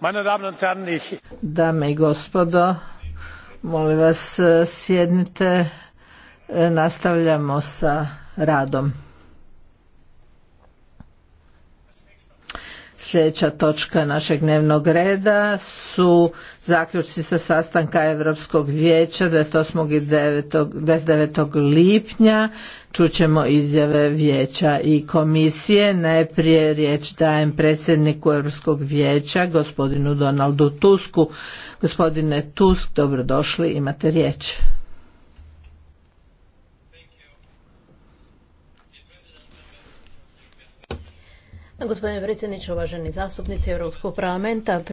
Dame i gospodo, molim vas sjednite, e, nastavljamo sa radom. Sljedeća točka našeg dnevnog reda su zaključci sa sastanka Europskog vijeća 28. i 9. 29. lipnja. Čućemo izjave vijeća i komisije. Najprije riječ dajem predsjedniku Europskog vijeća, gospodinu Donaldu Tusku. Gospodine Tusk, dobrodošli, imate riječ. Gospodine predsjedniče, uvaženi zastupnici Europskog parlamenta,